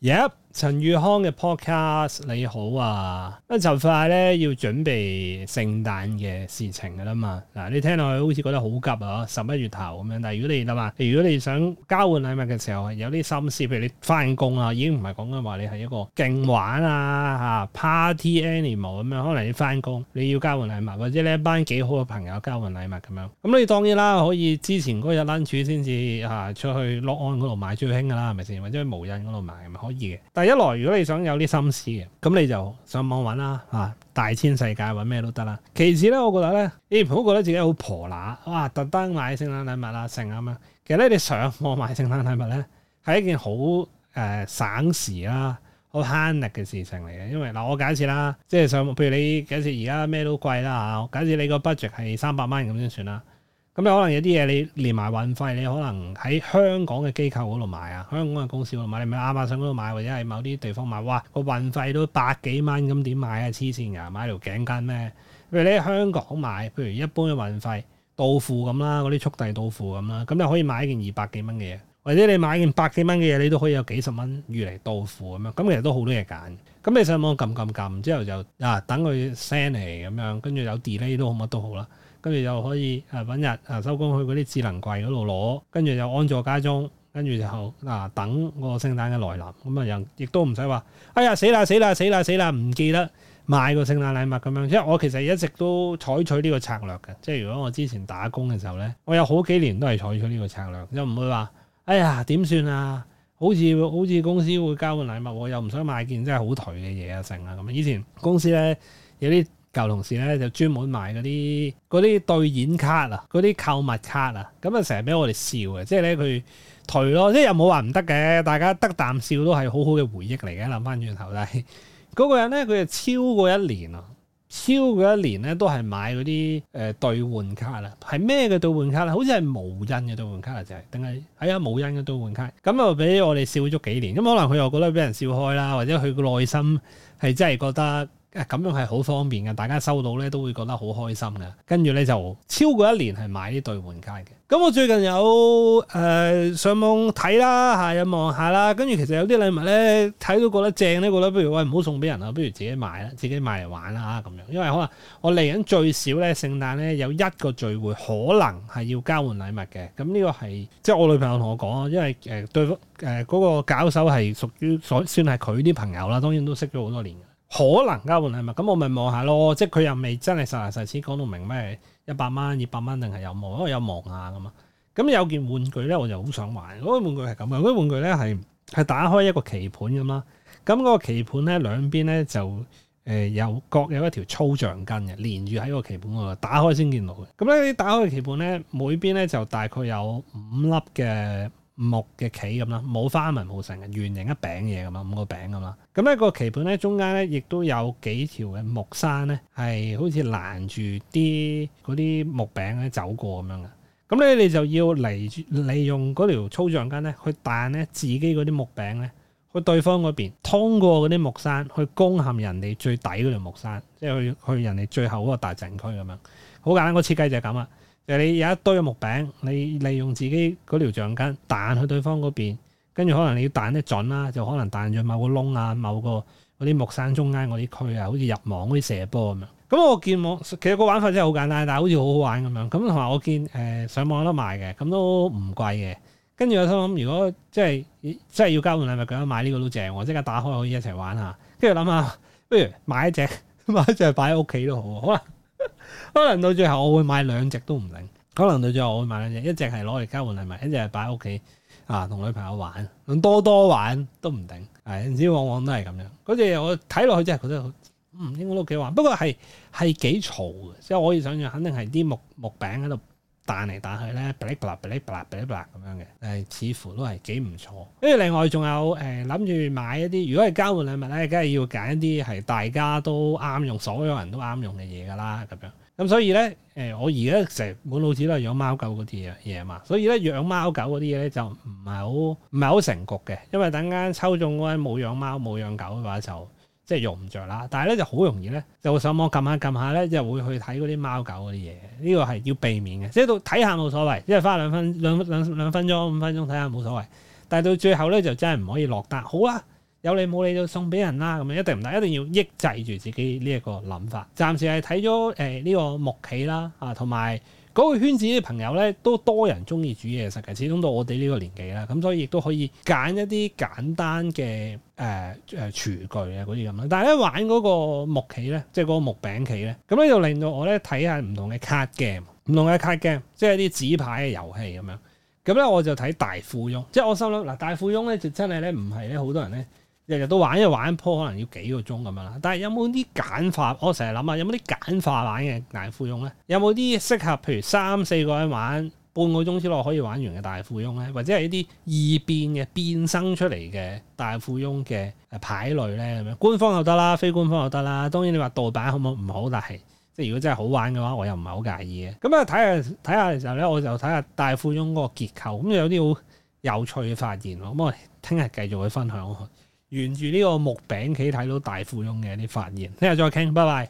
耶！Yep, 陳宇康嘅 Podcast 你好啊，啊就快咧要準備聖誕嘅事情噶啦嘛。嗱、啊，你聽落去好似覺得好急啊，十一月頭咁樣。但係如果你明白、啊，如果你想交換禮物嘅時候，有啲心思，譬如你翻工啊，已經唔係講緊話你係一個勁玩啊嚇、啊、party animal 咁樣，可能你翻工你要交換禮物，或者你一班幾好嘅朋友交換禮物咁樣。咁、啊、你當然啦，可以之前嗰日 lunch 先至嚇出去樂安嗰度買最興噶啦，係咪先？或者去無印嗰度買咁啊？但係一來如果你想有啲心思嘅，咁你就上網揾啦，吓、啊、大千世界揾咩都得啦。其次咧，我覺得咧，你唔好覺得自己好婆乸，哇、啊，特登買聖誕禮物啊，成啊嘛，其實咧你上網買聖誕禮物咧，係一件好誒、呃、省時啦、好慳力嘅事情嚟嘅。因為嗱、呃，我假設啦，即係上，譬如你假設而家咩都貴啦吓，假、啊、設你個 budget 係三百蚊咁先算啦。咁可能有啲嘢你連埋運費，你可能喺香港嘅機構嗰度買啊，香港嘅公司嗰度買，你咪亞馬遜嗰度買，或者喺某啲地方買，哇個運費都百幾蚊，咁點買啊？黐線噶，買條頸巾咩？譬如你喺香港買，譬如一般嘅運費到付咁啦，嗰啲速遞到付咁啦，咁你可以買一件二百幾蚊嘅嘢，或者你買件百幾蚊嘅嘢，你都可以有幾十蚊預嚟到付咁樣，咁其實都好多嘢揀。咁你上網撳撳撳之後就啊，等佢 send 嚟咁樣，跟住有 delay 都好乜都好啦。跟住又可以誒揾日誒收工去嗰啲智能櫃嗰度攞，跟住又安坐家中，跟住就嗱、啊、等個聖誕嘅來臨，咁啊又亦都唔使話，哎呀死啦死啦死啦死啦，唔記得買個聖誕禮物咁樣。因為我其實一直都採取呢個策略嘅，即係如果我之前打工嘅時候咧，我有好幾年都係採取呢個策略，又唔會話，哎呀點算啊？好似好似公司會交換禮物，我又唔想買件真係好頹嘅嘢啊成啊咁。以前公司咧有啲，舊同事咧就專門買嗰啲嗰啲兌現卡啊，嗰啲購物卡啊，咁啊成日俾我哋笑嘅，即係咧佢頹咯，即係又冇話唔得嘅，大家得啖笑都係好好嘅回憶嚟嘅。諗翻轉頭就係嗰個人咧，佢啊超過一年啊，超過一年咧都係買嗰啲誒兌換卡啦、啊，係咩嘅兌換卡咧、啊？好似係無印嘅兌換卡就、啊、係，定係係啊無印嘅兌換卡。咁又俾我哋笑咗幾年，咁可能佢又覺得俾人笑開啦，或者佢個內心係真係覺得。誒咁樣係好方便嘅，大家收到咧都會覺得好開心嘅。跟住咧就超過一年係買啲兌換卡嘅。咁我最近有誒、呃、上網睇啦，嚇有望下啦。跟住其實有啲禮物咧睇到覺得正咧，覺得不如喂唔好送俾人啊，不如自己買啦，自己買嚟玩啦嚇咁樣。因為可能我嚟緊最少咧聖誕咧有一個聚會，可能係要交換禮物嘅。咁、嗯、呢、這個係即係我女朋友同我講，因為誒、呃、對誒嗰、呃那個搞手係屬於所算係佢啲朋友啦，當然都識咗好多年。可能交換禮物，咁我咪望下咯。即係佢又未真係實牙實齒講到明咩？有有看看一百蚊、二百蚊定係有望？因為有望下噶嘛。咁有件玩具咧，我就好想玩。嗰、那個玩具係咁嘅，嗰、那、啲、個、玩具咧係係打開一個棋盤噶嘛。咁、那、嗰個棋盤咧兩邊咧就誒、呃、有各有一條粗橡筋嘅，連住喺個棋盤嗰度，打開先見到嘅。咁咧你打開嘅棋盤咧，每邊咧就大概有五粒嘅。木嘅棋咁啦，冇花紋冇成嘅，圓形一餅嘢咁啦，五個餅咁啦。咁呢個棋盤咧中間咧亦都有幾條嘅木山咧，係好似攔住啲嗰啲木餅咧走過咁樣嘅。咁咧你就要嚟利用嗰條粗橡筋咧去彈咧自己嗰啲木餅咧去對方嗰邊，通過嗰啲木山去攻陷人哋最底嗰條木山，即係去去人哋最後嗰個大陣區咁樣。好簡單設計，個設計就係咁啦。就你有一堆嘅木餅，你利用自己嗰條橡筋彈去對方嗰邊，跟住可能你要彈得準啦、啊，就可能彈咗某個窿啊、某個啲木山中間嗰啲區啊，好似入網嗰啲射波咁樣。咁我見網其實個玩法真係好簡單，但係好似好好玩咁樣。咁同埋我見誒、呃、上網都賣嘅，咁都唔貴嘅。跟住我心諗，如果即係即係要交換禮物，咁買呢個都正喎。即刻打開可以一齊玩一下。跟住諗下，不如買一隻買一隻擺喺屋企都好啊。好可能到最後我會買兩隻都唔定，可能到最後我會買兩隻，一隻係攞嚟交換禮物，一隻係擺喺屋企啊，同女朋友玩，同多多玩都唔定，係唔知往往都係咁樣。嗰隻我睇落去真係覺得，好，唔應該喺屋企玩，不過係係幾嘈嘅，即係我可以想象，肯定係啲木木餅喺度。彈嚟彈去咧，嗶哩嗶啦，嗶哩嗶啦，嗶哩嗶啦咁樣嘅，誒，似乎都係幾唔錯。跟住另外仲有，誒，諗住買一啲，如果係交換禮物咧，梗係要揀一啲係大家都啱用，所有人都啱用嘅嘢噶啦，咁樣。咁所以咧，誒，我而家成日滿腦子都係養貓狗嗰啲嘢嘢嘛，所以咧養貓狗嗰啲嘢咧就唔係好唔係好成局嘅，因為等間抽中嗰位冇養貓冇養狗嘅話就。即係用唔着啦，但係咧就好容易咧，就上網撳下撳下咧，就會去睇嗰啲貓狗嗰啲嘢。呢、這個係要避免嘅，即係到睇下冇所謂，即係花兩分兩兩兩分鐘五分鐘睇下冇所謂。但係到最後咧就真係唔可以落單。好啊，有你冇你就送俾人啦，咁、嗯、樣一定唔得，一定要抑制住自己呢一個諗法。暫時係睇咗誒呢個木餅啦，啊同埋。嗰個圈子啲朋友咧都多人中意煮嘢食嘅，始終到我哋呢個年紀啦，咁所以亦都可以揀一啲簡單嘅誒誒廚具啊嗰啲咁樣。但係咧玩嗰個木棋咧，即係嗰個木餅棋咧，咁咧就令到我咧睇下唔同嘅 card game，唔同嘅 card game，即係啲紙牌嘅遊戲咁樣。咁咧我就睇大富翁，即係我心諗，嗱，大富翁咧就真係咧唔係咧好多人咧。日日都玩，一玩一波，可能要幾個鐘咁樣啦。但係有冇啲簡化？我成日諗下，有冇啲簡化版嘅大富翁咧？有冇啲適合譬如三四個人玩半個鐘之內可以玩完嘅大富翁咧？或者係一啲異變嘅變生出嚟嘅大富翁嘅牌類咧？咁樣官方又得啦，非官方又得啦。當然你話盜版好唔好唔好，但係即係如果真係好玩嘅話，我又唔係好介意嘅。咁啊睇下睇下嘅時候咧，我就睇下大富翁嗰個結構，咁有啲好有趣嘅發現咯。咁我聽日繼續去分享。沿住呢個木餅企睇到大富翁嘅啲發現，聽日再傾，拜拜。